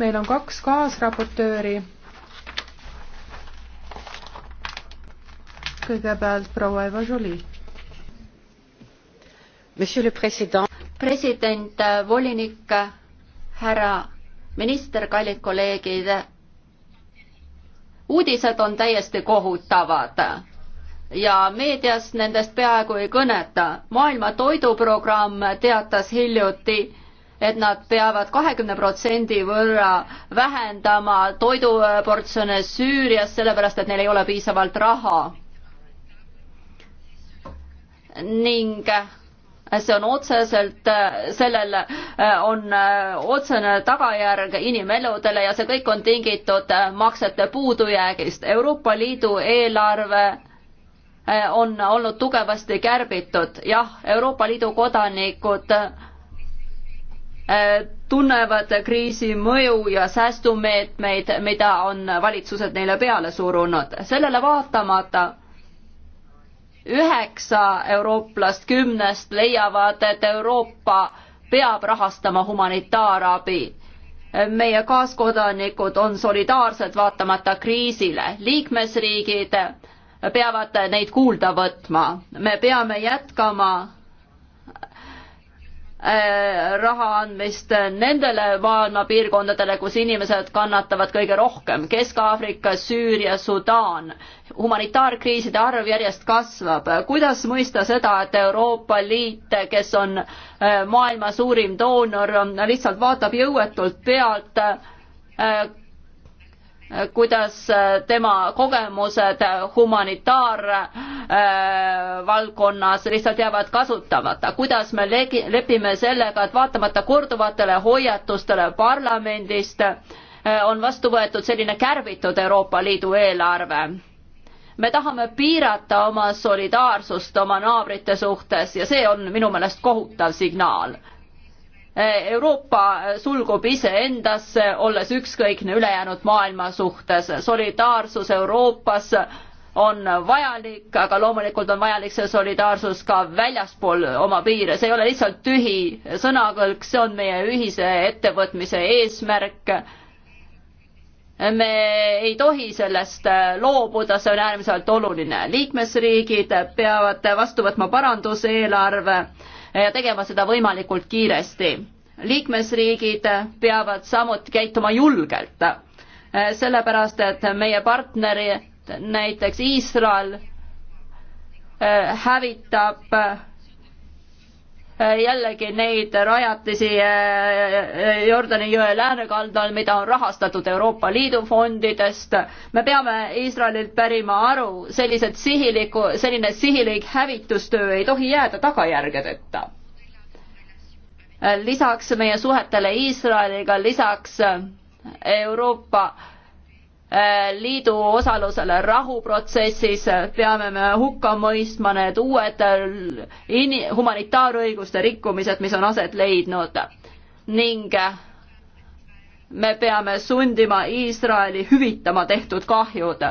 meil on kaks kaasraportööri. kõigepealt proua Eva Jolie. president, president, äh, volinik, äh, härra minister, kallid kolleegid. uudised on täiesti kohutavad ja meedias nendest peaaegu ei kõneta. maailma Toiduprogramm teatas hiljuti, et nad peavad kahekümne protsendi võrra vähendama toiduportsjone Süürias, sellepärast et neil ei ole piisavalt raha. ning see on otseselt, sellel on otsene tagajärg inimeludele ja see kõik on tingitud maksete puudujäägist. Euroopa Liidu eelarve on olnud tugevasti kärbitud. jah, Euroopa Liidu kodanikud Äh, tunnevad kriisi mõju ja säästumeetmeid, mida on valitsused neile peale surunud. sellele vaatamata üheksa eurooplast kümnest leiavad, et Euroopa peab rahastama humanitaarabi. meie kaaskodanikud on solidaarsed vaatamata kriisile. liikmesriigid peavad neid kuulda võtma. me peame jätkama Äh, raha andmist nendele maailmapiirkondadele, kus inimesed kannatavad kõige rohkem. Kesk-Aafrika, Süüria, Sudaan. humanitaarkriiside arv järjest kasvab. kuidas mõista seda, et Euroopa Liit, kes on äh, maailma suurim doonor, lihtsalt vaatab jõuetult pealt äh, kuidas äh, tema kogemused äh, humanitaarvaldkonnas äh, lihtsalt jäävad kasutamata, kuidas me legi, lepime sellega, et vaatamata korduvatele hoiatustele parlamendist on vastu võetud selline kärbitud Euroopa Liidu eelarve me tahame piirata oma solidaarsust oma naabrite suhtes ja see on minu meelest kohutav signaal. Euroopa sulgub iseendasse, olles ükskõikne ülejäänud maailma suhtes. solidaarsus Euroopas on vajalik, aga loomulikult on vajalik see solidaarsus ka väljaspool oma piire, see ei ole lihtsalt tühi sõnakõlks, see on meie ühise ettevõtmise eesmärk. me ei tohi sellest loobuda, see on äärmiselt oluline. liikmesriigid peavad vastu võtma paranduseelarve ja tegema seda võimalikult kiiresti. liikmesriigid peavad samuti käituma julgelt, sellepärast et meie partnerid, näiteks Iisrael, hävitab Äh, jällegi neid rajatisi äh, äh, Jordani jõe läänekaldal, mida on rahastatud Euroopa Liidu fondidest. me peame Iisraelilt pärima aru, sellised sihiliku, selline sihilik hävitustöö ei tohi jääda tagajärgedeta. lisaks meie suhetele Iisraeliga, lisaks Euroopa Äh, liidu osalusele rahuprotsessis, äh, peame me hukka mõistma need uued äh, in-, humanitaarõiguste rikkumised, mis on aset leidnud ning me peame sundima Iisraeli hüvitama tehtud kahjud.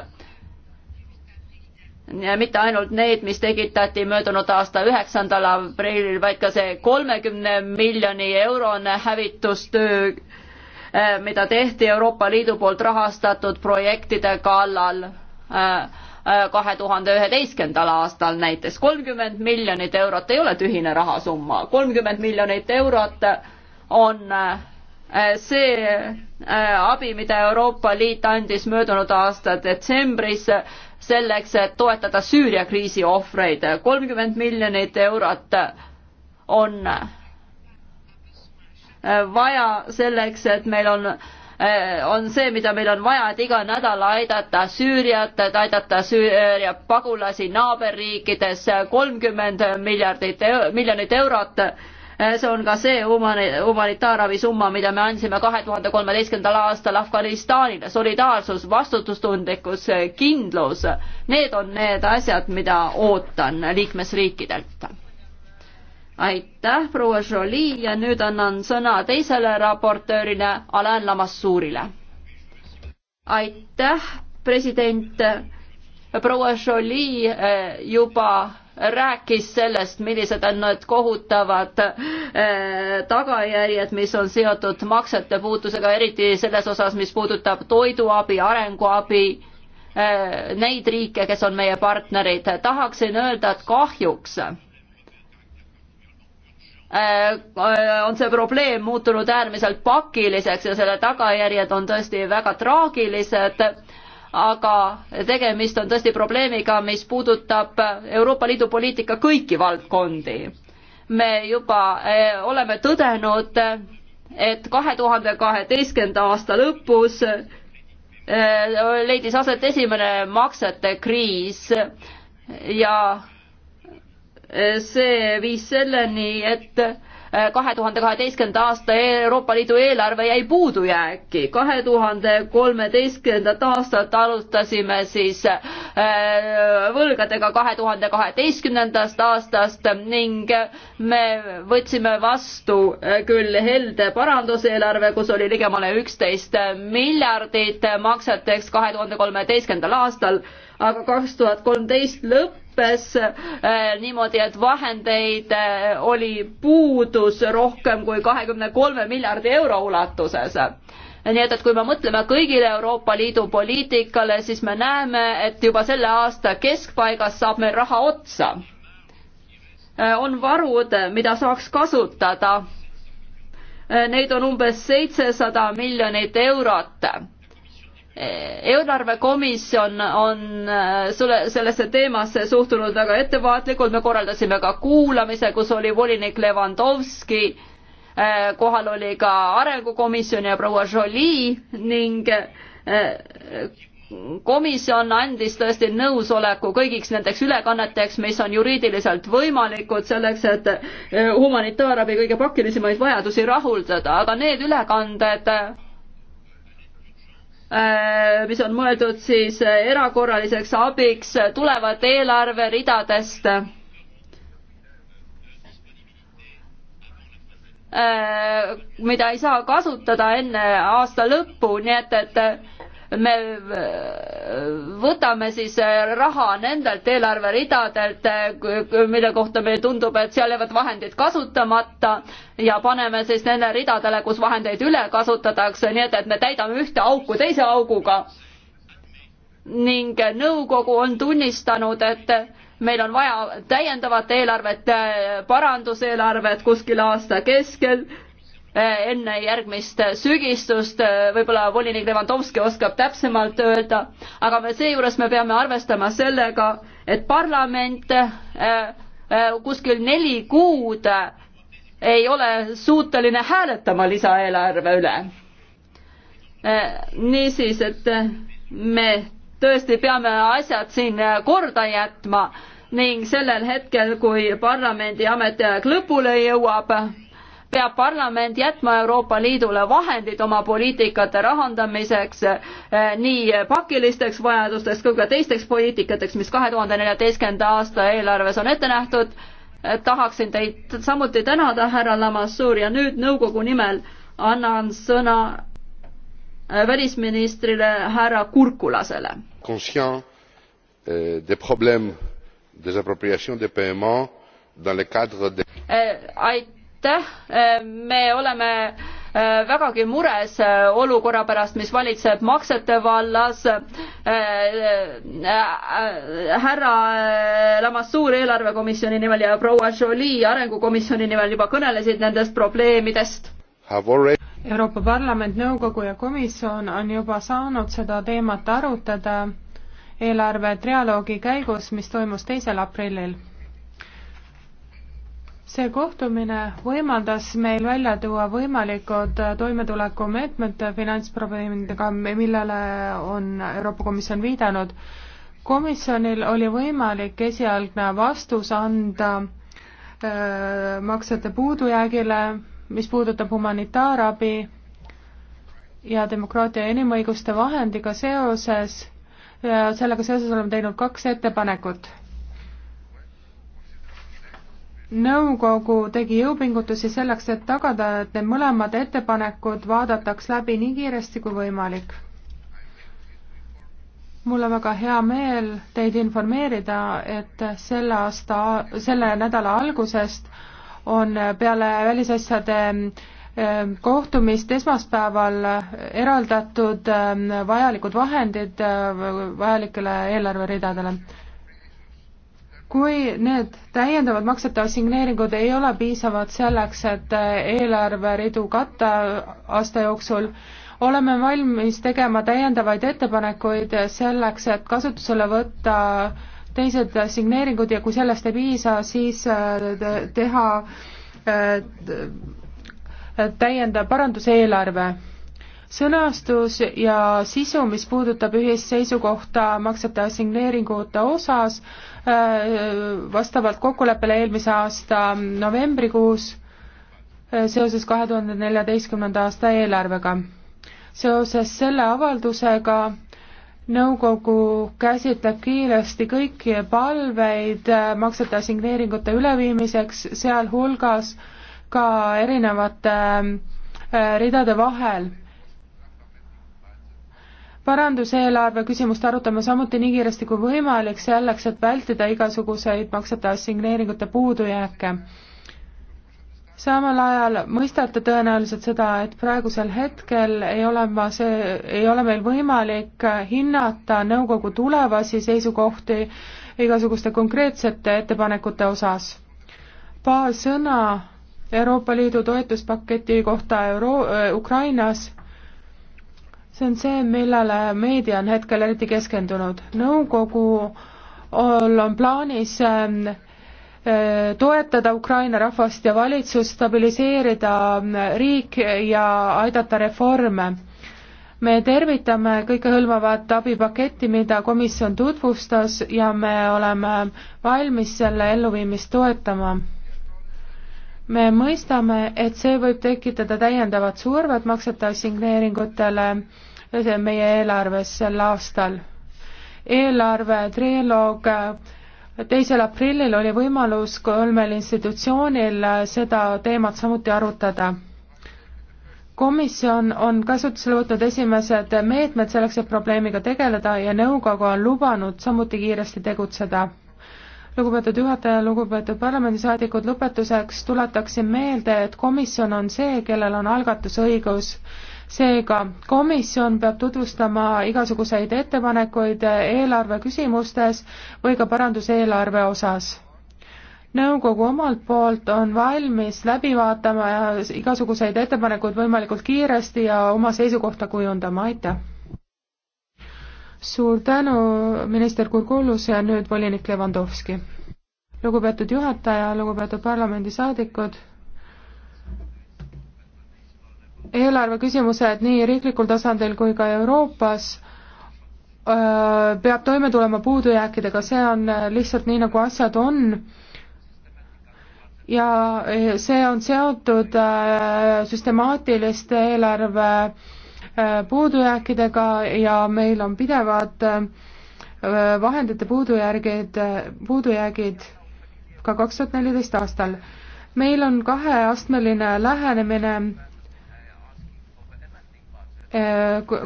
ja mitte ainult need, mis tekitati möödunud aasta üheksandal aprillil, vaid ka see kolmekümne miljoni eurone hävitustöö Äh, mida tehti Euroopa Liidu poolt rahastatud projektide kallal äh, äh, kahe tuhande üheteistkümnendal aastal näiteks. kolmkümmend miljonit eurot ei ole tühine rahasumma, kolmkümmend miljonit eurot on see abi, mida Euroopa Liit andis möödunud aasta detsembris selleks, et toetada Süüria kriisi ohvreid. kolmkümmend miljonit eurot on Äh, vaja selleks, et meil on, äh, on see, mida meil on vaja, et iga nädal aidata Süüriat, et aidata Süüria pagulasi naaberriikides äh, kolmkümmend miljardit, miljonit eurot see on ka see humani-, humanitaarabi summa, mida me andsime kahe tuhande kolmeteistkümnendal aastal Afganistanile, solidaarsus, vastutustundlikkus, kindlus, need on need asjad, mida ootan liikmesriikidelt aitäh, proua Jolie ja nüüd annan sõna teisele raportöörile, Alain Lamassuurile. aitäh, president. proua Jolie eh, juba rääkis sellest, millised on need kohutavad eh, tagajärjed, mis on seotud maksete puudusega, eriti selles osas, mis puudutab toiduabi, arenguabi eh, neid riike, kes on meie partnerid. tahaksin öelda, et kahjuks Äh, on see probleem muutunud äärmiselt pakiliseks ja selle tagajärjed on tõesti väga traagilised, aga tegemist on tõesti probleemiga, mis puudutab Euroopa Liidu poliitika kõiki valdkondi. me juba äh, oleme tõdenud, et kahe tuhande kaheteistkümnenda aasta lõpus äh, leidis aset esimene maksete kriis ja see viis selleni, et äh, kahe tuhande kaheteistkümnenda aasta e-, Euroopa Liidu eelarve jäi puudujääki. kahe tuhande kolmeteistkümnendat aastat alustasime siis äh, võlgadega kahe tuhande kaheteistkümnendast aastast ning me võtsime vastu äh, küll helde paranduseelarve, kus oli ligemale üksteist miljardit makseteks kahe tuhande kolmeteistkümnendal aastal, aga kaks tuhat kolmteist lõpp lõppes äh, niimoodi, et vahendeid äh, oli puudus rohkem kui kahekümne kolme miljardi euro ulatuses nii et, et kui me mõtleme kõigile Euroopa Liidu poliitikale, siis me näeme, et juba selle aasta keskpaigas saab meil raha otsa. Äh, on varud, mida saaks kasutada. Neid on umbes seitsesada miljonit eurot eelarvekomisjon on äh, sulle sellesse teemasse suhtunud väga ettevaatlikult, me korraldasime ka kuulamise, kus oli volinik Levanovski, äh, kohal oli ka arengukomisjon ja proua Jolie ning äh, komisjon andis tõesti nõusoleku kõigiks nendeks ülekanneteks, mis on juriidiliselt võimalikud selleks, et humanitaarabi kõige pakilisemaid vajadusi rahuldada, aga need ülekanded Äh, mis on mõeldud siis äh, erakorraliseks abiks, tulevad eelarveridadest äh, mida ei saa kasutada enne aasta lõppu, nii et, et me võtame siis äh, raha nendelt eelarveridadelt, äh, mille kohta meile tundub, et seal jäävad vahendid kasutamata ja paneme siis nendele ridadele, kus vahendeid üle kasutatakse, nii et, et me täidame ühte auku teise auguga. ning nõukogu on tunnistanud, et meil on vaja täiendavat eelarvet, äh, paranduseelarvet kuskil aasta keskel Eh, enne järgmist sügistust, eh, võib-olla volinik Levanovski oskab täpsemalt öelda, aga me seejuures me peame arvestama sellega, et parlament eh, kuskil neli kuud ei ole suuteline hääletama lisaeelarve üle. niisiis, et me tõesti peame asjad siin korda jätma ning sellel hetkel, kui parlamendi ametiaeg lõpule jõuab, peab parlament jätma Euroopa Liidule vahendid oma poliitikate rahandamiseks eh, nii pakilisteks vajadusteks kui ka teisteks poliitikateks, mis kahe tuhande neljateistkümnenda aasta eelarves on ette nähtud. Eh, tahaksin teid samuti tänada, härra Lamassoor ja nüüd nõukogu nimel annan sõna eh, välisministrile härra Kurkulasele. Conscient des problèmes des appropriations des paiements dans le cadre de aitäh aitäh, me oleme äh, vägagi mures äh, olukorra pärast, mis valitseb maksete vallas. Äh, härra Lamassuur eelarvekomisjoni nimel ja proua Jolie arengukomisjoni nimel juba kõnelesid nendest probleemidest. Euroopa Parlament, nõukogu ja komisjon on juba saanud seda teemat arutada eelarve trialoogi käigus, mis toimus teisel aprillil see kohtumine võimaldas meil välja tuua võimalikud toimetulekumeetmed finantsprobleemidega, millele on Euroopa Komisjon viidanud. komisjonil oli võimalik esialgne vastus anda öö, äh, maksete puudujäägile, mis puudutab humanitaarabi ja demokraatia ja inimõiguste vahendiga seoses, sellega seoses oleme teinud kaks ettepanekut nõukogu tegi jõupingutusi selleks, et tagada, et need mõlemad ettepanekud vaadataks läbi nii kiiresti kui võimalik. mul on väga hea meel teid informeerida, et selle aasta, selle nädala algusest on peale välisasjade eh, kohtumist esmaspäeval eraldatud eh, vajalikud vahendid eh, vajalikele eelarveridadele kui need täiendavad maksete assigneeringud ei ole piisavad selleks, et eh, eelarveridu katta aasta jooksul, oleme valmis tegema täiendavaid ettepanekuid selleks, et kasutusele võtta teised signeeringud ja kui sellest ei piisa, siis eh, teha eh, täiendav paranduseelarve sõnastus ja sisu, mis puudutab ühist seisukohta maksete assigneeringute osas, äh, vastavalt kokkuleppele eelmise aasta novembrikuus äh, seoses kahe tuhande neljateistkümnenda aasta eelarvega. seoses selle avaldusega nõukogu käsitleb kiiresti kõiki palveid äh, maksete assigneeringute üleviimiseks, sealhulgas ka erinevate ridade vahel paranduseelarve küsimust arutame samuti nii kiiresti kui võimalik, selleks et vältida igasuguseid maksete assigneeringute puudujääke. samal ajal mõistate tõenäoliselt seda, et praegusel hetkel ei ole ma see, ei ole meil võimalik hinnata nõukogu tulevasi seisukohti igasuguste konkreetsete ettepanekute osas. paar sõna Euroopa Liidu toetuspaketi kohta Euro-, Ukrainas see on see, millele meedia on hetkel eriti keskendunud. nõukogul on plaanis ähm, äh, toetada Ukraina rahvast ja valitsust, stabiliseerida ähm, riik ja aidata reforme. me tervitame kõikehõlmavat abipaketti, mida komisjon tutvustas ja me oleme valmis selle elluviimist toetama me mõistame, et see võib tekitada täiendavat survet maksete assigneeringutele meie eelarves sel aastal. eelarve triloog teisel aprillil oli võimalus kolmel institutsioonil seda teemat samuti arutada. komisjon on kasutusele võtnud esimesed meetmed selleks, et probleemiga tegeleda ja nõukogu on lubanud samuti kiiresti tegutseda lugupeetud juhataja, lugupeetud parlamendisaadikud, lõpetuseks tuletaksin meelde, et komisjon on see, kellel on algatusõigus. seega komisjon peab tutvustama igasuguseid ettepanekuid eelarve küsimustes või ka paranduseelarve osas. nõukogu omalt poolt on valmis läbi vaatama igasuguseid ettepanekuid võimalikult kiiresti ja oma seisukohta kujundama, aitäh! suur tänu, minister Kurkulus ja nüüd volinik Levandovski. lugupeetud juhataja, lugupeetud parlamendisaadikud, eelarve küsimused nii riiklikul tasandil kui ka Euroopas öö, peab toime tulema puudujääkidega, see on lihtsalt nii, nagu asjad on ja e, see on seotud süstemaatiliste eelarve Äh, puudujääkidega ja meil on pidevad äh, vahendite puudujärgid, äh, puudujäägid ka kaks tuhat neliteist aastal. meil on kaheastmeline lähenemine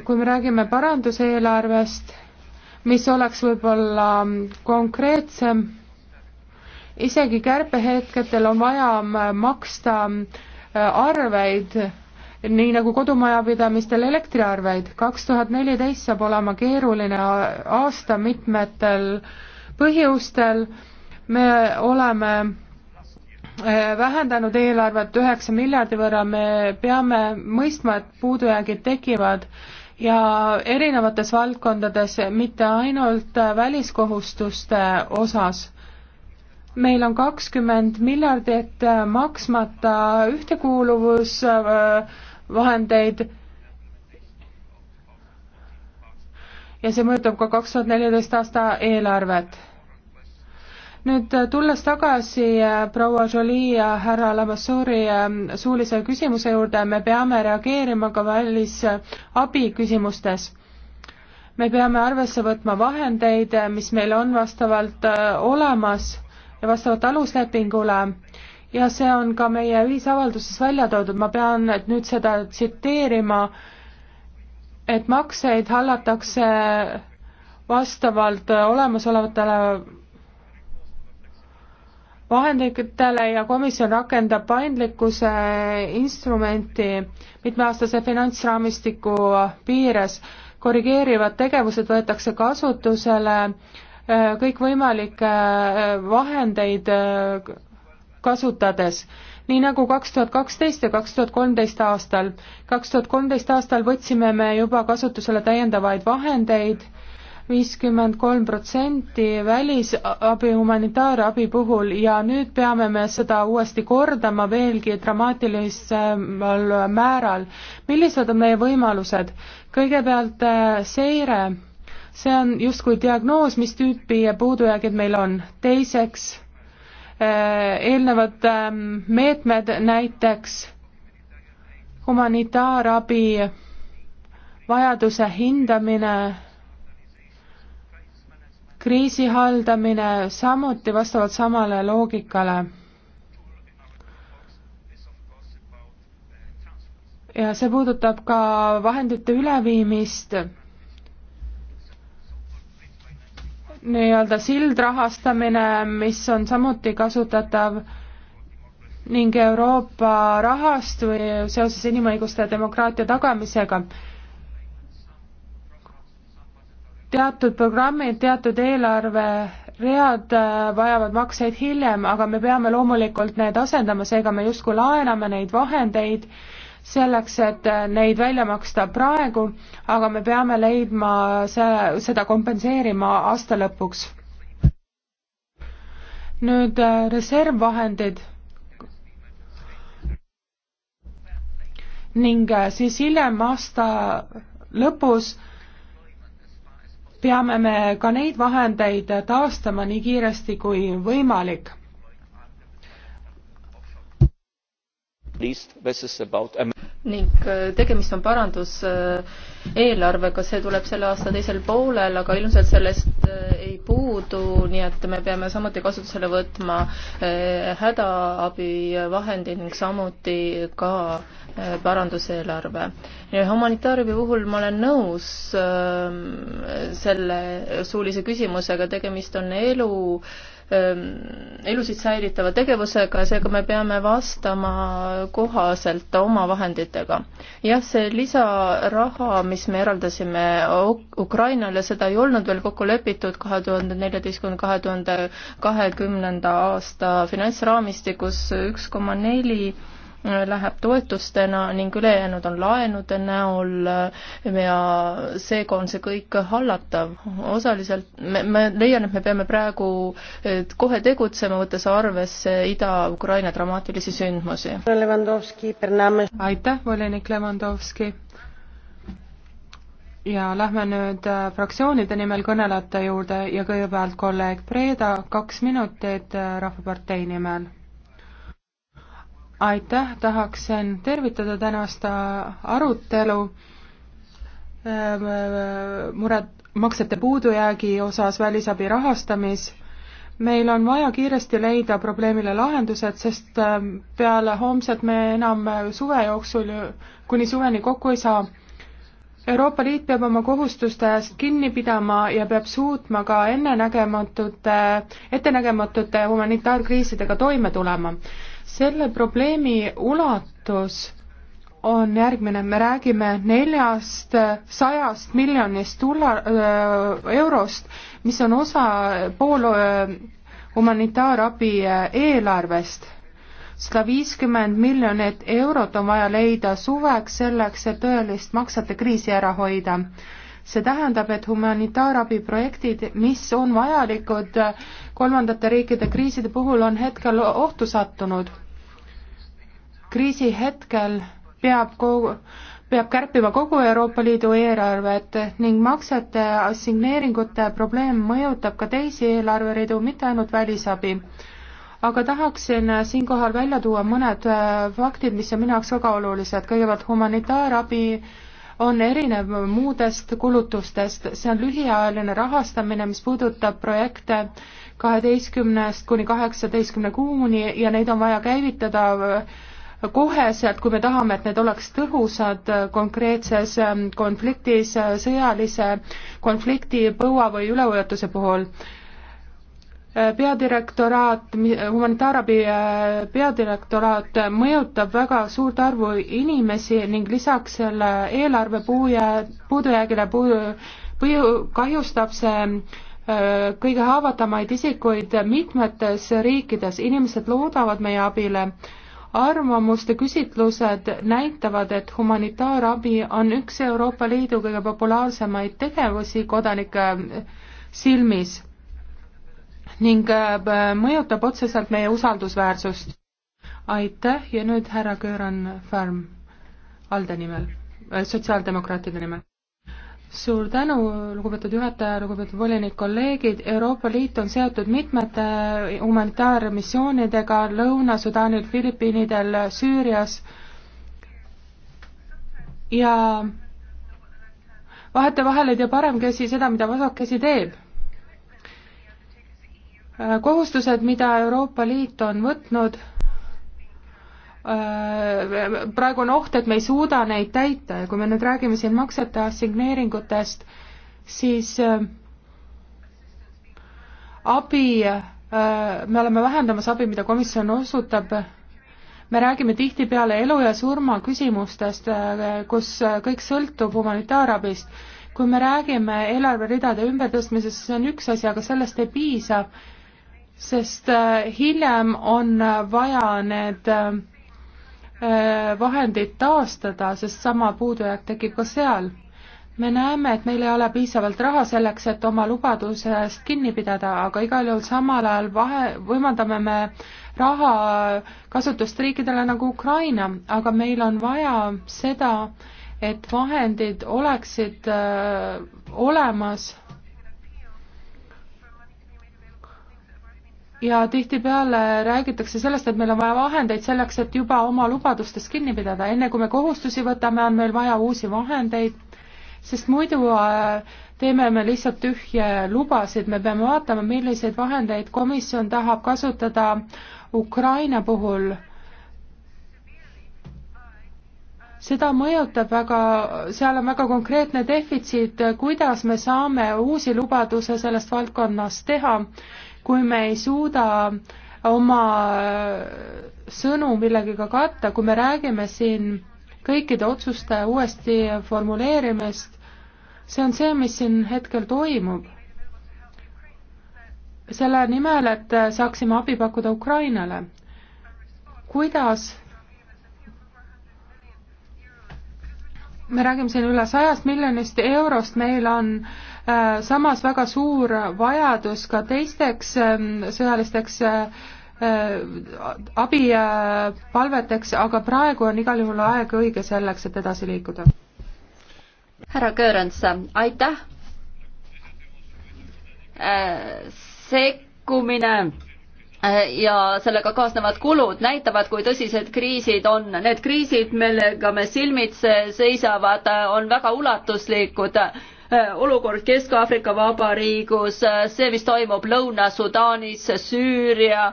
kui me räägime paranduseelarvest, mis oleks võib-olla konkreetsem, isegi kärpehetkedel on vaja maksta arveid nii nagu kodumajapidamistel elektriarveid. kaks tuhat neliteist saab olema keeruline aasta mitmetel põhjustel. me oleme eh, vähendanud eelarvet üheksa miljardi võrra, me peame mõistma, et puudujäägid tekivad ja erinevates valdkondades, mitte ainult väliskohustuste osas meil on kakskümmend miljardit eh, maksmata ühtekuuluvus eh, vahendeid. ja see mõjutab ka kaks tuhat neliteist aasta eelarvet. nüüd äh, tulles tagasi äh, proua Jolie ja härra Lamassoori äh, suulise küsimuse juurde, me peame reageerima ka välisabi küsimustes me peame arvesse võtma vahendeid, mis meil on vastavalt olemas ja vastavalt aluslepingule ja see on ka meie ühisavalduses välja toodud, ma pean nüüd seda tsiteerima, et makseid hallatakse vastavalt olemasolevatele vahenditele ja komisjon rakendab paindlikkuse instrumenti mitmeaastase finantsraamistiku piires. korrigeerivad tegevused võetakse kasutusele kõikvõimalikke eh, vahendeid eh, kasutades, nii nagu kaks tuhat kaksteist ja kaks tuhat kolmteist aastal. kaks tuhat kolmteist aastal võtsime me juba kasutusele täiendavaid vahendeid, viiskümmend kolm protsenti välisabi humanitaarabi puhul ja nüüd peame me seda uuesti kordama veelgi dramaatilisemal määral. millised on meie võimalused? kõigepealt äh, seire, see on justkui diagnoos, mis tüüpi puudujäägid meil on. teiseks Äh, eelnevad ähm, meetmed, näiteks humanitaarabi vajaduse hindamine, kriisi haldamine samuti vastavalt samale loogikale. ja see puudutab ka vahendite üleviimist nii-öelda sildrahastamine, mis on samuti kasutatav ning Euroopa rahastu seoses inimõiguste ja demokraatia tagamisega. teatud programmid, teatud eelarveread äh, vajavad makseid hiljem, aga me peame loomulikult need asendama, seega me justkui laename neid vahendeid selleks, et neid välja maksta praegu, aga me peame leidma see, seda kompenseerima aasta lõpuks. nüüd äh, reservvahendid ning äh, siis hiljem aasta lõpus peame me ka neid vahendeid taastama nii kiiresti kui võimalik ning äh, tegemist on paranduseelarvega, see tuleb selle aasta teisel poolel, aga ilmselt sellest äh, ei puudu, nii et me peame samuti kasutusele võtma äh, hädaabivahendid ning samuti ka paranduseelarve. humanitaarabi puhul ma olen nõus selle suulise küsimusega, tegemist on elu Ähm, elusid säilitava tegevusega ja seega me peame vastama kohaselt oma vahenditega. jah, see lisaraha, mis me eraldasime Ukrainale, seda ei olnud veel kokku lepitud kahe tuhande neljateistkümne, kahe tuhande kahekümnenda aasta finantsraamistikus üks koma neli läheb toetustena ning ülejäänud on laenude näol ja seega on see kõik hallatav. osaliselt me, ma leian, et me peame praegu kohe tegutsema, võttes arvesse Ida-Ukraina dramaatilisi sündmusi. aitäh, volinik Levandovski! ja lähme nüüd äh, fraktsioonide nimel kõnelejate juurde ja kõigepealt kolleeg Preeda, kaks minutit äh, Rahvapartei nimel aitäh, tahaksin tervitada tänast arutelu ähm, äh, mured, maksete puudujäägi osas välisabi rahastamis. meil on vaja kiiresti leida probleemile lahendused, sest ähm, peale homset me enam suve jooksul kuni suveni kokku ei saa. Euroopa Liit peab oma kohustuste eest kinni pidama ja peab suutma ka ennenägematute, ettenägematute humanitaarkriisidega toime tulema selle probleemi ulatus on järgmine, me räägime neljast sajast miljonist dollar äh,, eurost, mis on osa pool äh, humanitaarabi eelarvest. sada viiskümmend miljonit eurot on vaja leida suveks selleks, et tõelist maksete kriisi ära hoida see tähendab, et humanitaarabiprojektid, mis on vajalikud kolmandate riikide kriiside puhul, on hetkel ohtu sattunud. kriisi hetkel peab kogu, peab kärpima kogu Euroopa Liidu eelarvet ning maksete assigneeringute probleem mõjutab ka teisi eelarveridu, mitte ainult välisabi. aga tahaksin siinkohal välja tuua mõned äh, faktid, mis on minu jaoks väga olulised, kõigepealt humanitaarabi äh, on erinev muudest kulutustest, see on lühiajaline rahastamine, mis puudutab projekte kaheteistkümnest kuni kaheksateistkümne kuuni ja neid on vaja käivitada koheselt, kui me tahame, et need oleks tõhusad konkreetses ähm, konfliktis, äh, sõjalise konflikti, põua või üleujutuse puhul peadirektoraat, humanitaarabi äh, peadirektoraat mõjutab väga suurt arvu inimesi ning lisaks selle eelarve puuja, puudujäägile puu-, põju, kahjustab see äh, kõige haavatamaid isikuid mitmetes riikides, inimesed loodavad meie abile. arvamuste küsitlused näitavad, et humanitaarabi on üks Euroopa Liidu kõige populaarsemaid tegevusi kodanike silmis ning äh, mõjutab otseselt meie usaldusväärsust. aitäh ja nüüd härra Göran Färm ALDE nimel, äh, sotsiaaldemokraatide nimel. suur tänu, lugupeetud juhataja, lugupeetud volinik, kolleegid, Euroopa Liit on seotud mitmete äh, humanitaarmissioonidega Lõuna-Sudaanil, Filipiinidel, Süürias ja vahetevahel ei tea parem käsi seda, mida vasak käsi teeb Äh, kohustused, mida Euroopa Liit on võtnud, äh, praegu on oht, et me ei suuda neid täita ja kui me nüüd räägime siin maksete assigneeringutest, siis äh, abi, me oleme vähendamas abi, mida komisjon osutab, me räägime tihtipeale elu ja surma küsimustest, kus kõik sõltub humanitaarabist. kui me räägime eelarveridade ümbertõstmisest, siis see on üks asi, aga sellest ei piisa sest äh, hiljem on äh, vaja need äh, vahendid taastada, sest sama puudujääk tekib ka seal. me näeme, et meil ei ole piisavalt raha selleks, et oma lubadusest kinni pidada, aga igal juhul samal ajal vahe, võimaldame me raha kasutust riikidele nagu Ukraina, aga meil on vaja seda, et vahendid oleksid öö, olemas ja tihtipeale räägitakse sellest, et meil on vaja vahendeid selleks, et juba oma lubadustest kinni pidada, enne kui me kohustusi võtame, on meil vaja uusi vahendeid, sest muidu äh, teeme me lihtsalt tühje lubasid, me peame vaatama, milliseid vahendeid komisjon tahab kasutada Ukraina puhul seda mõjutab väga, seal on väga konkreetne defitsiit, kuidas me saame uusi lubaduse sellest valdkonnast teha, kui me ei suuda oma äh, sõnu millegagi katta, kui me räägime siin kõikide otsuste uuesti formuleerimist, see on see, mis siin hetkel toimub. selle nimel, et saaksime abi pakkuda Ukrainale. kuidas me räägime siin üle sajast miljonist eurost, meil on äh, samas väga suur vajadus ka teisteks äh, sõjalisteks äh, äh abipalveteks, äh, aga praegu on igal juhul aeg õige selleks, et edasi liikuda. härra Köörants, aitäh. Äh, sekkumine Äh, ja sellega kaasnevad kulud näitavad, kui tõsised kriisid on. Need kriisid, millega me silmitse seisavad, äh, on väga ulatuslikud. Äh, olukord Kesk-Aafrika Vabariigus, see, mis toimub Lõuna-Sudaanis, Süüria,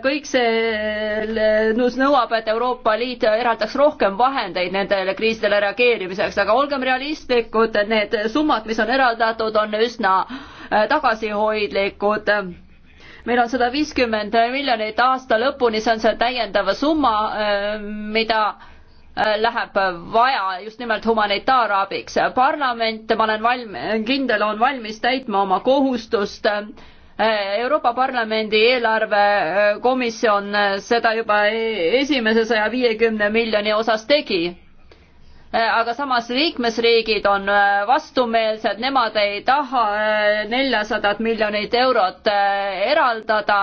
kõik see nõuab, et Euroopa Liit eraldaks rohkem vahendeid nendele kriisidele reageerimiseks, aga olgem realistlikud, need summad, mis on eraldatud, on üsna tagasihoidlikud meil on sada viiskümmend miljonit aasta lõpuni, see on see täiendav summa, äh, mida äh, läheb vaja just nimelt humanitaarabiks. parlament, ma olen valm-, kindel, on valmis täitma oma kohustust. Äh, Euroopa Parlamendi eelarvekomisjon seda juba e-, esimese saja viiekümne miljoni osas tegi Äh, aga samas liikmesriigid on äh, vastumeelsed, nemad ei taha äh, neljasadat miljonit eurot eraldada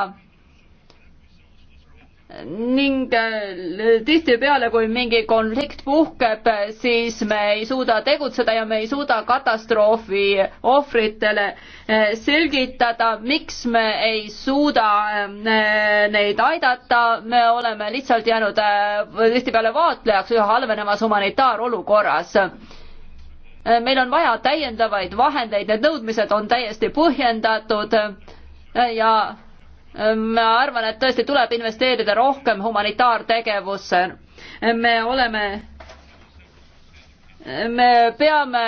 ning äh, tihtipeale, kui mingi konflikt puhkeb, siis me ei suuda tegutseda ja me ei suuda katastroofi ohvritele äh, selgitada, miks me ei suuda äh, neid aidata, me oleme lihtsalt jäänud tihtipeale vaatlejaks üha halvenevas humanitaarolukorras meil on vaja täiendavaid vahendeid, need nõudmised on täiesti põhjendatud ja ma arvan, et tõesti tuleb investeerida rohkem humanitaartegevusse. me oleme, me peame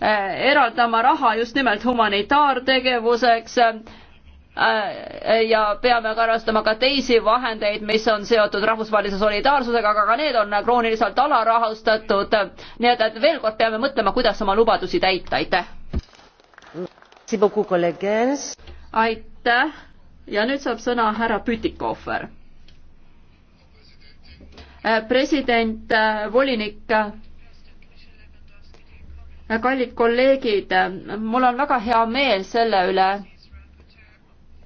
eh, eraldama raha just nimelt humanitaartegevuseks eh, ja peame arvestama ka teisi vahendeid, mis on seotud rahvusvahelise solidaarsusega, aga ka need on krooniliselt alarahastatud. nii et, et veel kord peame mõtlema, kuidas oma lubadusi täita, aitäh. aitäh ja nüüd saab sõna härra Pütikohver. Äh, president, äh, volinik, äh, kallid kolleegid, mul on väga hea meel selle üle,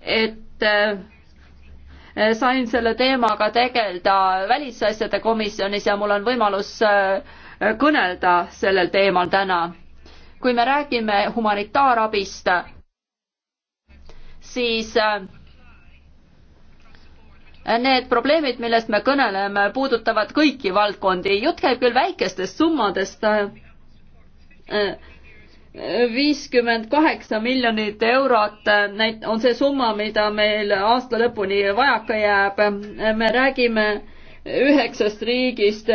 et sain selle teemaga tegeleda välisasjade komisjonis ja mul on võimalus kõnelda sellel teemal täna. kui me räägime humanitaarabist, siis äh, Need probleemid, millest me kõneleme, puudutavad kõiki valdkondi, jutt käib küll väikestest summadest, viiskümmend kaheksa miljonit eurot on see summa, mida meil aasta lõpuni vajaka jääb, me räägime üheksast riigist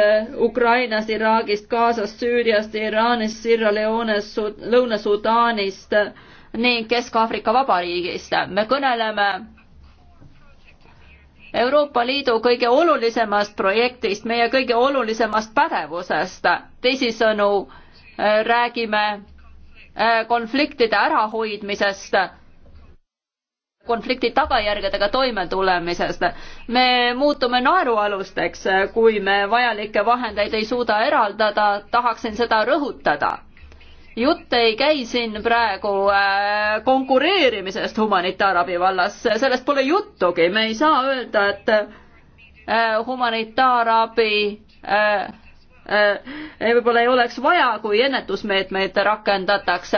Ukrainast, Iraagist, Gazast, Süüriast, Iraanist, Sierra Leonest, Lõuna-Sudaanist ning Kesk-Aafrika Vabariigist. me kõneleme Euroopa Liidu kõige olulisemast projektist, meie kõige olulisemast pädevusest. teisisõnu äh, räägime äh, konfliktide ärahoidmisest, konflikti tagajärgedega toimetulemisest. me muutume naerualusteks, äh, kui me vajalikke vahendeid ei suuda eraldada, tahaksin seda rõhutada jutt ei käi siin praegu äh, konkureerimisest humanitaarabi vallas, sellest pole juttugi, me ei saa öelda, et äh, humanitaarabi äh, võib-olla ei oleks vaja, kui ennetusmeetmeid rakendatakse.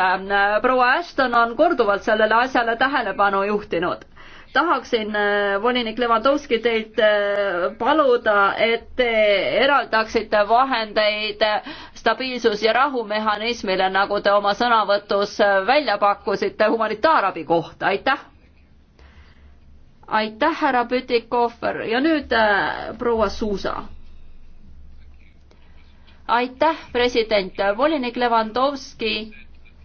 proua Ashton on korduvalt sellele asjale tähelepanu juhtinud. tahaksin volinik Levanovski teilt paluda, et te eraldaksite vahendeid stabiilsus- ja rahumehhanismile, nagu te oma sõnavõtus äh, välja pakkusite humanitaarabi kohta, aitäh! aitäh, härra Pütikohver ja nüüd äh, proua Suusa. aitäh, president, volinik Levandovski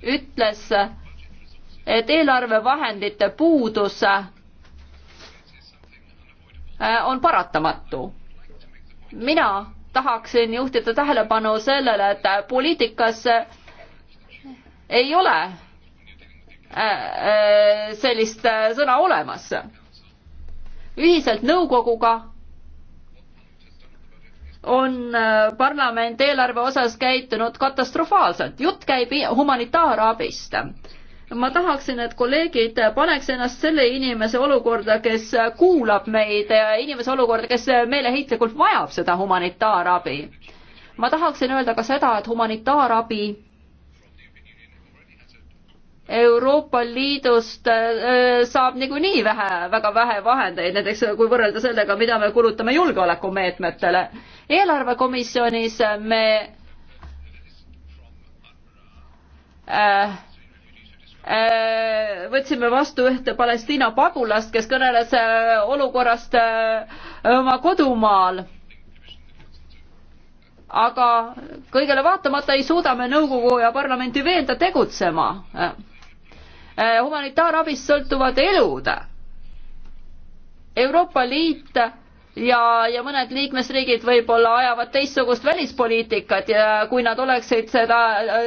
ütles, et eelarvevahendite puudus äh, on paratamatu. mina tahaksin juhtida tähelepanu sellele, et poliitikas ei ole äh, äh, sellist äh, sõna olemas. ühiselt nõukoguga on parlament eelarve osas käitunud katastrofaalselt, jutt käib humanitaarabist ma tahaksin, et kolleegid paneks ennast selle inimese olukorda, kes kuulab meid, inimese olukorda, kes meeleheitlikult vajab seda humanitaarabi. ma tahaksin öelda ka seda, et humanitaarabi Euroopa Liidust äh, saab niikuinii vähe, väga vähe vahendeid, näiteks kui võrrelda sellega, mida me kulutame julgeolekumeetmetele. eelarvekomisjonis me äh, Äh, võtsime vastu ühte Palestiina pagulast, kes kõneles äh, olukorrast äh, oma kodumaal. aga kõigele vaatamata ei suuda me nõukogu ja parlamenti veenda tegutsema. humanitaarabist sõltuvad elud. Euroopa Liit ja, ja mõned liikmesriigid võib-olla ajavad teistsugust välispoliitikat ja kui nad oleksid seda,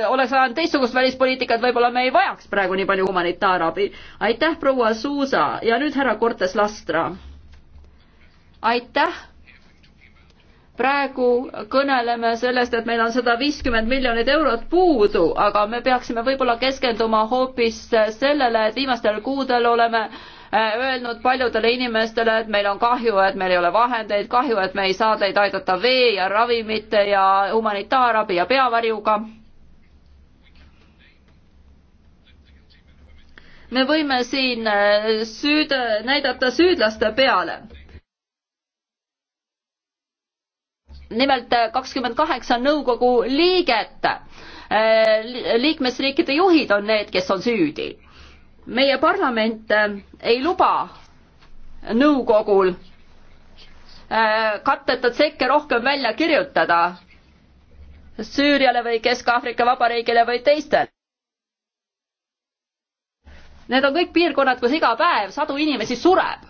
oleks ajanud teistsugust välispoliitikat, võib-olla me ei vajaks praegu nii palju humanitaarabi. aitäh, proua Suusa ja nüüd härra Cortes Lastra. aitäh praegu kõneleme sellest, et meil on sada viiskümmend miljonit eurot puudu, aga me peaksime võib-olla keskenduma hoopis sellele, et viimastel kuudel oleme äh, Äh, öelnud paljudele inimestele, et meil on kahju, et meil ei ole vahendeid, kahju, et me ei saa teid aidata vee ja ravimite ja humanitaarabi ja peavarjuga. me võime siin äh, süüd, näidata süüdlaste peale nimelt äh, kakskümmend kaheksa nõukogu liiget. liikmesriikide juhid on need, kes on süüdi meie parlament äh, ei luba nõukogul äh, katteta tsekke rohkem välja kirjutada Süüriale või Kesk-Aafrika Vabariigile või teistele. Need on kõik piirkonnad, kus iga päev sadu inimesi sureb.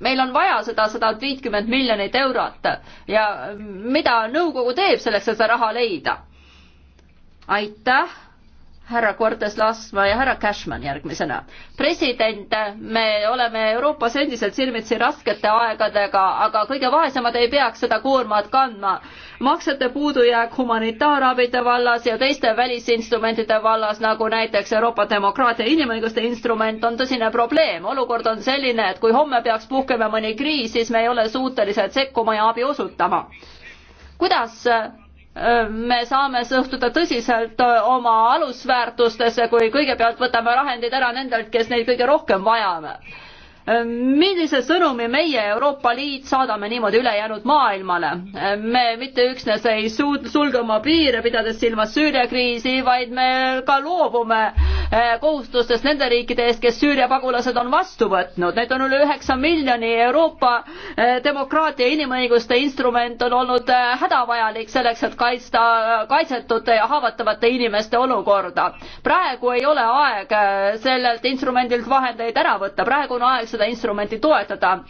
meil on vaja seda sada viitkümmet miljonit eurot ja mida nõukogu teeb selleks, et seda raha leida aitäh, härra Cortes Lasma ja härra Cashman järgmisena. president, me oleme Euroopas endiselt silmitsi raskete aegadega, aga kõige vaesemad ei peaks seda koormat kandma. maksete puudujääk humanitaarabide vallas ja teiste välisinstrumentide vallas, nagu näiteks Euroopa demokraatia ja inimõiguste instrument, on tõsine probleem. olukord on selline, et kui homme peaks puhkema mõni kriis, siis me ei ole suutelised sekkuma ja abi osutama. kuidas me saame suhtuda tõsiselt äh, oma alusväärtustesse, kui kõigepealt võtame vahendid ära nendelt, kes neid kõige rohkem vajame millise sõnumi meie, Euroopa Liit, saadame niimoodi ülejäänud maailmale? me mitte üksnes ei suud-, sulge oma piire, pidades silmas Süüria kriisi, vaid me ka loobume eh, kohustustest nende riikide eest, kes Süüria pagulased on vastu võtnud. Neid on üle üheksa miljoni, Euroopa eh, demokraatia ja inimõiguste instrument on olnud eh, hädavajalik selleks, et kaitsta kaitsetute ja haavatavate inimeste olukorda. praegu ei ole aeg sellelt instrumendilt vahendeid ära võtta, praegu on aeg seda instrumenti toetada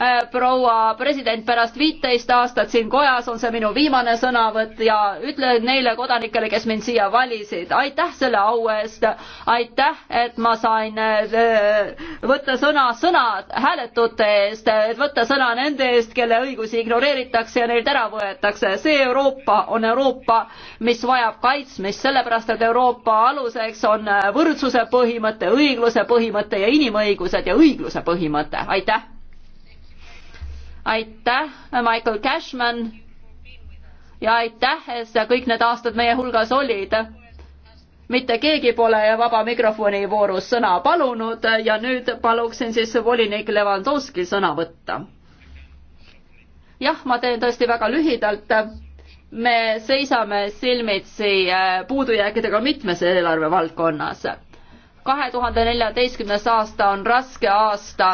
Äh, proua president, pärast viiteist aastat siin kojas on see minu viimane sõnavõtt ja ütlen neile kodanikele, kes mind siia valisid, aitäh selle au eest, aitäh, et ma sain äh, võtta sõna sõnad hääletute eest, et võtta sõna nende eest, kelle õigusi ignoreeritakse ja neilt ära võetakse. see Euroopa on Euroopa, mis vajab kaitsmist, sellepärast et Euroopa aluseks on äh, võrdsuse põhimõte, õigluse põhimõte ja inimõigused ja õigluse põhimõte. aitäh! aitäh, Michael Cashman ja aitäh, et sa kõik need aastad meie hulgas olid. mitte keegi pole vaba mikrofoni voorus sõna palunud ja nüüd paluksin siis volinik Levandovski sõna võtta. jah, ma teen tõesti väga lühidalt. me seisame silmitsi äh, puudujääkidega mitmes eelarve valdkonnas. kahe tuhande neljateistkümnes aasta on raske aasta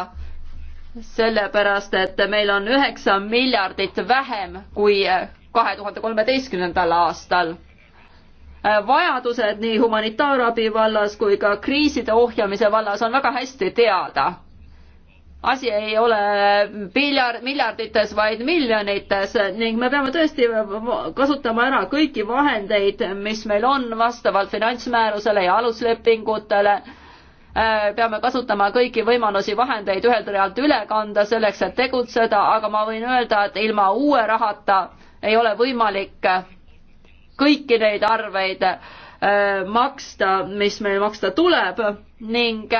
sellepärast et meil on üheksa miljardit vähem kui äh, kahe tuhande kolmeteistkümnendal aastal. Äh, vajadused nii humanitaarabi vallas kui ka kriiside ohjamise vallas on väga hästi teada. asi ei ole miljard, miljardites, vaid miljonites ning me peame tõesti kasutama ära kõiki vahendeid, mis meil on vastavalt finantsmäärusele ja aluslepingutele Äh, peame kasutama kõiki võimalusi vahendeid ühelt realt üle kanda selleks, et tegutseda, aga ma võin öelda, et ilma uue rahata ei ole võimalik kõiki neid arveid äh, maksta, mis meil maksta tuleb ning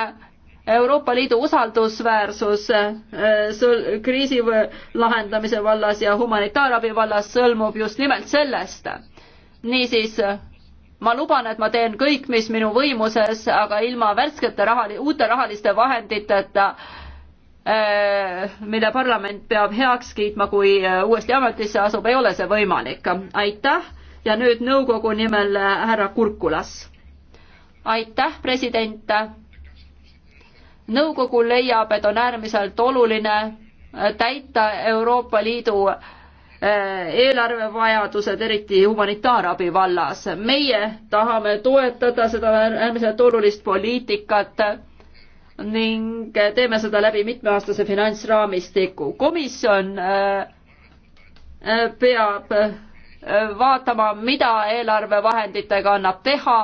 Euroopa Liidu usaldusväärsus äh, kriisi lahendamise vallas ja humanitaarabi vallas sõlmub just nimelt sellest. niisiis ma luban, et ma teen kõik, mis minu võimuses, aga ilma värskete rahali-, uute rahaliste vahenditeta, äh, mille parlament peab heaks kiitma, kui äh, uuesti ametisse asub, ei ole see võimalik. aitäh ja nüüd nõukogu nimel äh, härra Kurkulas. aitäh, president. nõukogu leiab, et on äärmiselt oluline täita Euroopa Liidu Äh, eelarvevajadused, eriti humanitaarabi vallas. meie tahame toetada seda äärmiselt olulist poliitikat ning teeme seda läbi mitmeaastase finantsraamistiku. komisjon äh, äh, peab vaatama, mida eelarvevahenditega annab teha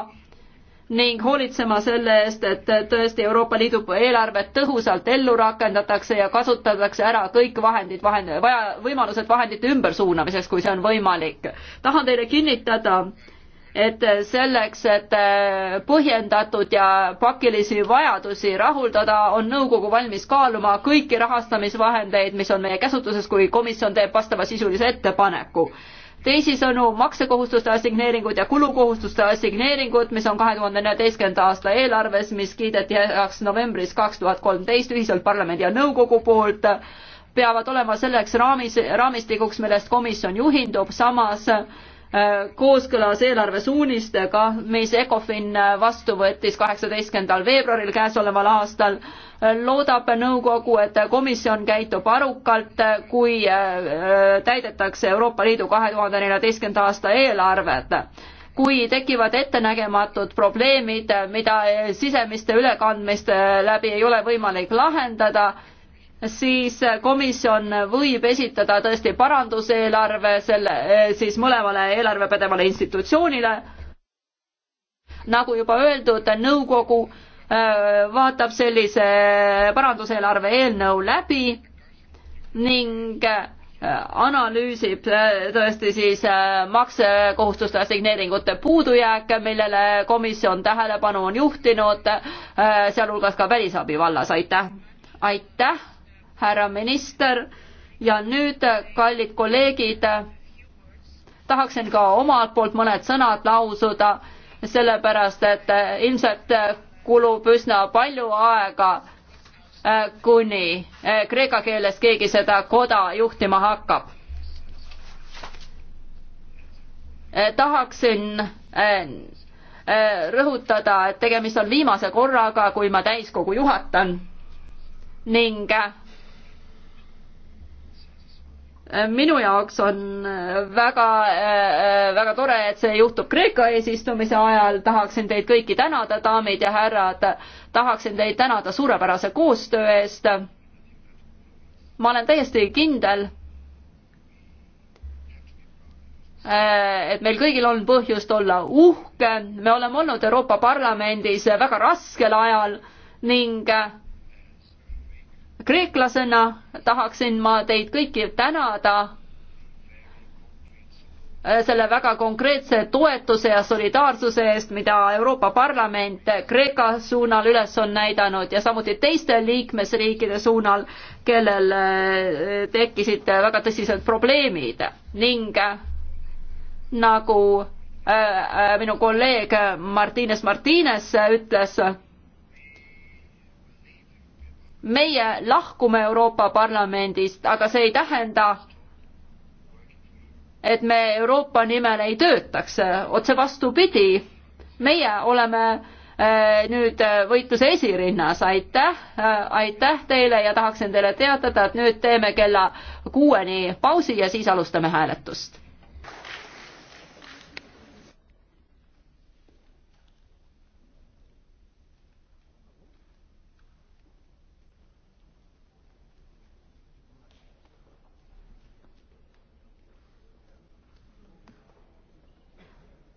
ning hoolitsema selle eest, et tõesti Euroopa Liidu eelarvet tõhusalt ellu rakendatakse ja kasutatakse ära kõik vahendid, vahend-, vaja, võimalused vahendite ümbersuunamiseks, kui see on võimalik. tahan teile kinnitada, et selleks, et põhjendatud ja pakilisi vajadusi rahuldada, on nõukogu valmis kaaluma kõiki rahastamisvahendeid, mis on meie käsutuses, kui komisjon teeb vastavasisulise ettepaneku teisisõnu, maksekohustuste assigneeringud ja kulukohustuste assigneeringud, mis on kahe tuhande neljateistkümnenda aasta eelarves, mis kiideti heaks novembris kaks tuhat kolmteist ühiselt parlamendi ja nõukogu poolt, peavad olema selleks raamis, raamistikuks, millest komisjon juhindub, samas äh, kooskõlas eelarvesuunistega, mis ECOFIN äh, vastu võttis kaheksateistkümnendal veebruaril käesoleval aastal loodab nõukogu, et komisjon käitub arukalt, kui äh, täidetakse Euroopa Liidu kahe tuhande neljateistkümnenda aasta eelarvet. kui tekivad ettenägematud probleemid, mida äh, sisemiste ülekandmiste äh, läbi ei ole võimalik lahendada, siis komisjon võib esitada tõesti paranduseelarve selle, siis mõlemale eelarvepädevale institutsioonile. nagu juba öeldud, nõukogu Äh, vaatab sellise paranduseelarve eelnõu läbi ning äh, analüüsib äh, tõesti siis maksekohustuste assigneeringute puudujääke, millele komisjon tähelepanu on juhtinud, sealhulgas ka välisabi vallas, aitäh. aitäh, härra minister ja nüüd, kallid kolleegid, tahaksin ka omalt poolt mõned sõnad lausuda, sellepärast et ilmselt kulub üsna palju aega, äh, kuni äh, kreeka keeles keegi seda koda juhtima hakkab. Äh, tahaksin rõhutada, et tegemist on viimase korraga, kui ma täiskogu juhatan ning minu jaoks on väga, äh, väga tore, et see juhtub Kreeka eesistumise ajal, tahaksin teid kõiki tänada, daamid ja härrad, tahaksin teid tänada suurepärase koostöö eest. ma olen täiesti kindel, äh, et meil kõigil on põhjust olla uhke, me oleme olnud Euroopa Parlamendis väga raskel ajal ning äh, kreeklasena tahaksin ma teid kõiki tänada äh, selle väga konkreetse toetuse ja solidaarsuse eest, mida Euroopa Parlament Kreeka suunal üles on näidanud ja samuti teiste liikmesriikide suunal, kellel äh, tekkisid väga tõsised probleemid ning äh, nagu minu kolleeg Martines Martines ütles, meie lahkume Euroopa Parlamendist, aga see ei tähenda, et me Euroopa nimel ei töötaks, otse vastupidi, meie oleme äh, nüüd äh, võitluse esirinnas, aitäh, äh, aitäh teile ja tahaksin teile teatada, et nüüd teeme kella kuueni pausi ja siis alustame hääletust.